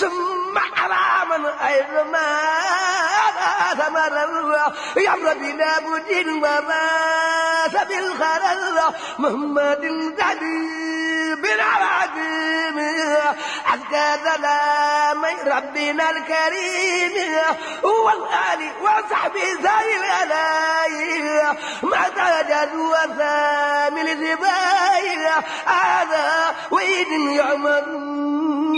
ثم حراما أيضا ما ثمر يمر بلا بد ومات بالخلل محمد الذي بالعظيم أزكى سلام ربنا الكريم والآل وصحب ذوي الألاي ما تجد وسام الزباير هذا وإن يعمرون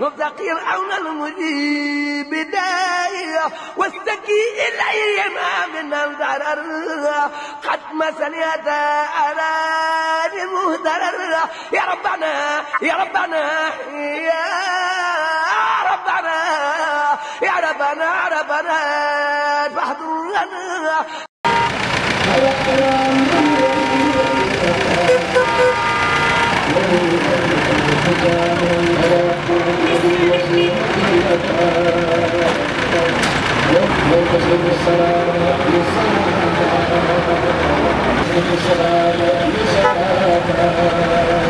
مستقير عون المجيب داية واستكي إلي ما من الضرر قد مسلية أراني مهدرر يا ربنا يا ربنا يا ربنا يا ربنا يا ربنا فاحضر لنا Yeah. Thank you.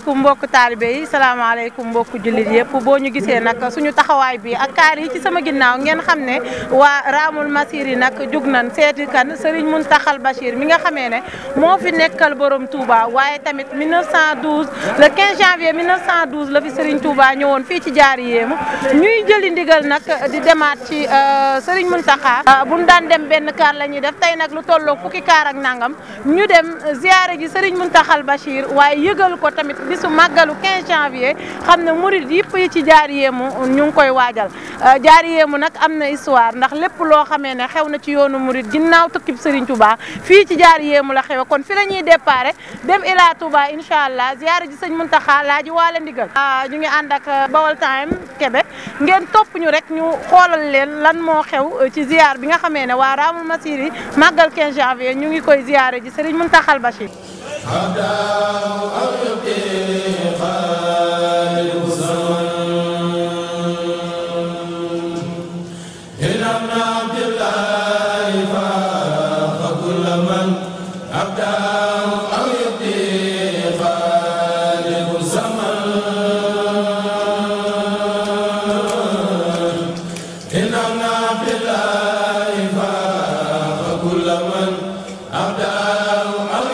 salaamaaleykum mbokk taalibe yi salaamaaleykum mbokk jullit yëpp boo ñu gisee nag suñu taxawaay bi ak kaar yi ci sama ginnaaw ngeen xam ne waa raamul masir yi nag jug nañ seeti kan Serigne Mountakhal Bachir mi nga xamee ne moo fi nekkal borom Touba waaye tamit 1912 le 15 janvier 1912 la fi Serigne Touba ñëwoon fii ci jaari yéemu ñuy jëli ndigal nag di demaat ci euh, Serigne Mountakha euh, bu ñu daan dem benn kaar la ñuy def tey nag lu tolloo fukki kaar ak nangam ñu dem ziyaare ji Serigne Mountakhal Bachir waaye yëgal ko tamit bisu màggalu 15 janvier xam ne murid yëpp yi ci jaariyeemu ñu ngi koy waajal euh, jaariyeemu nag am na histoire ndax lépp loo xamee ne xew na ci yoonu murid ginnaaw tukkib Serigne Touba fii ci jaariyeemu la xew kon fi la ñuy déparé dem Ila Touba incha allah ziyaara ji sëñ Muntaxa laa ji waale ndigal euh, ñu ngi ànd ak euh, Baol Time Kébé ngeen topp ñu rek ñu xoolal leen lan moo xew ci ziar bi nga xamee ne waa Raamul Masiri màggal 15 janvier ñu ngi koy ziyaare ji Serigne Muntaxal Bachir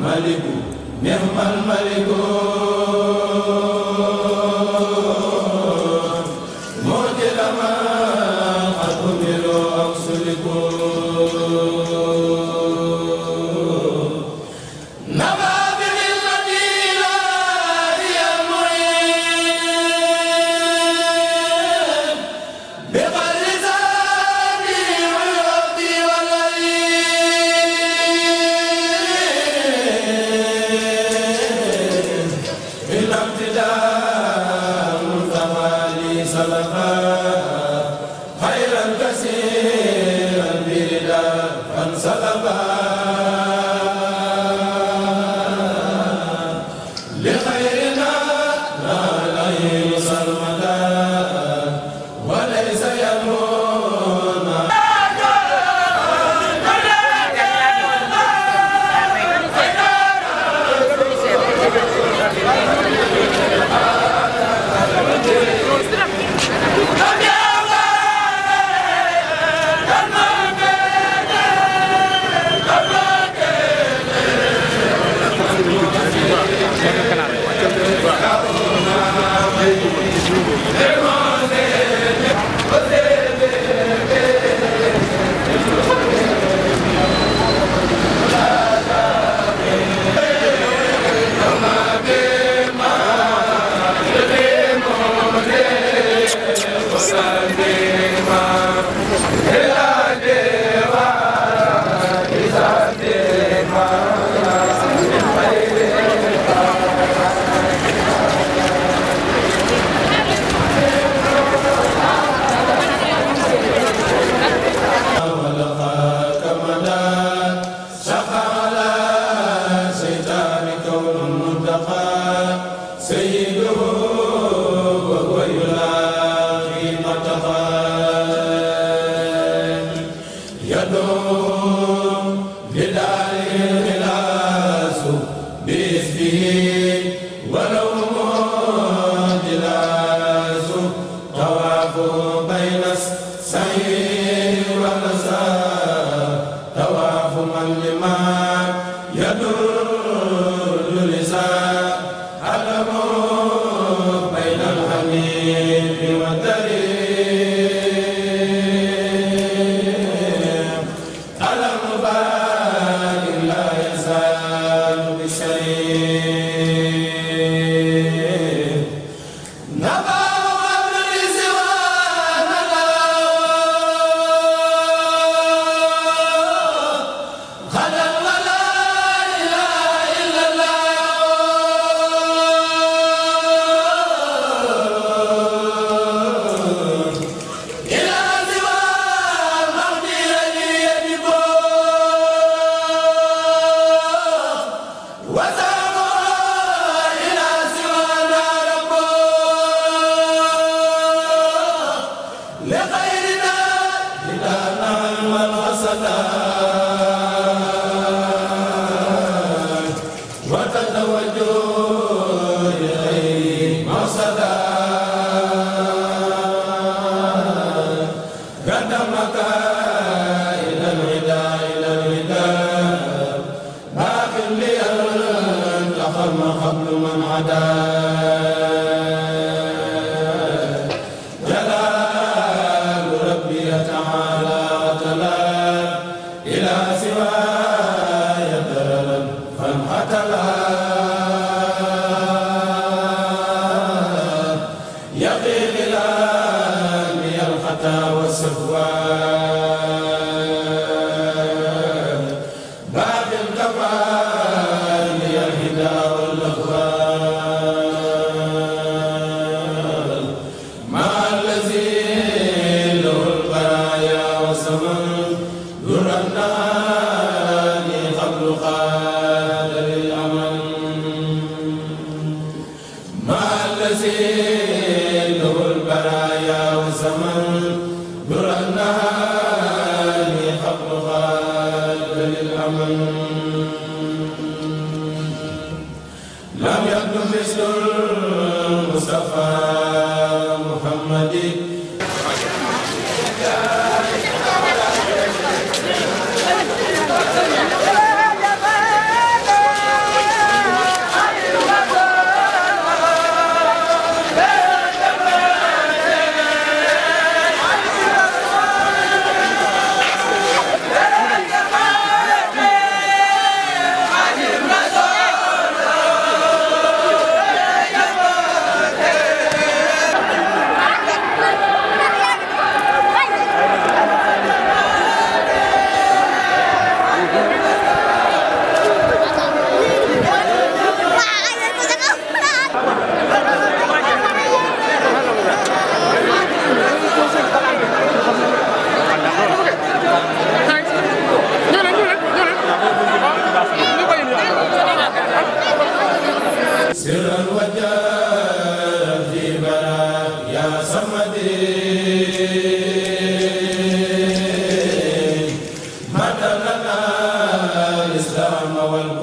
maliku ni'mal maliku Moojil amal xatu milo ak suliku salaam ma xam lu man adaa a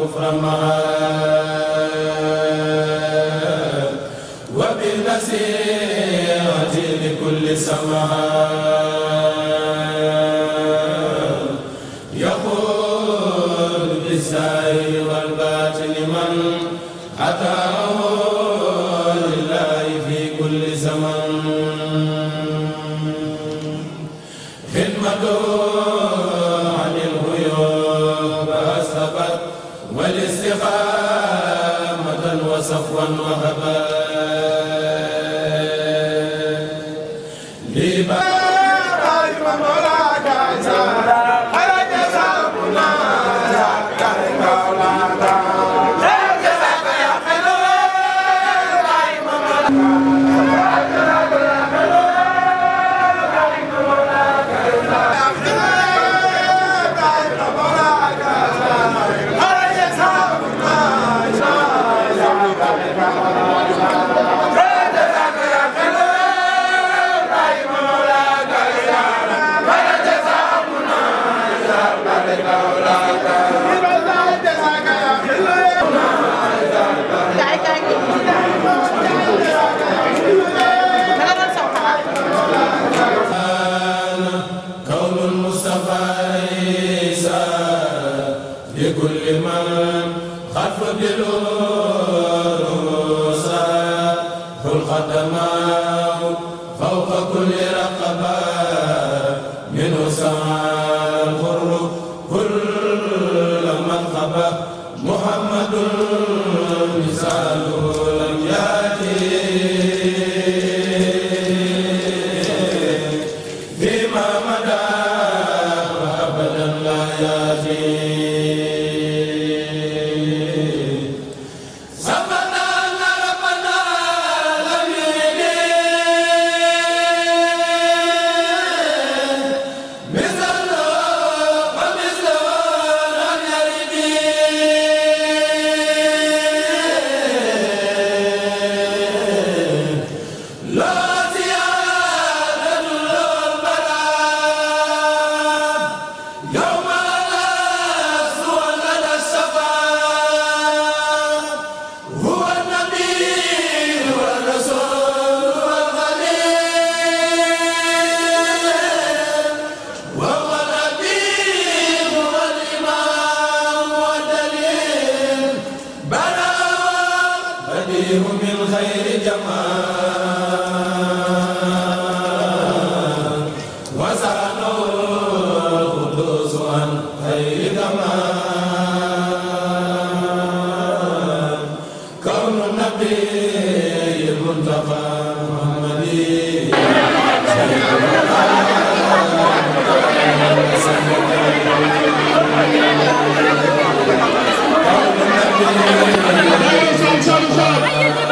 الكفر معا وبالنسيئة لكل سماء عفوا وهبا sa Salve, salve, salve, salve!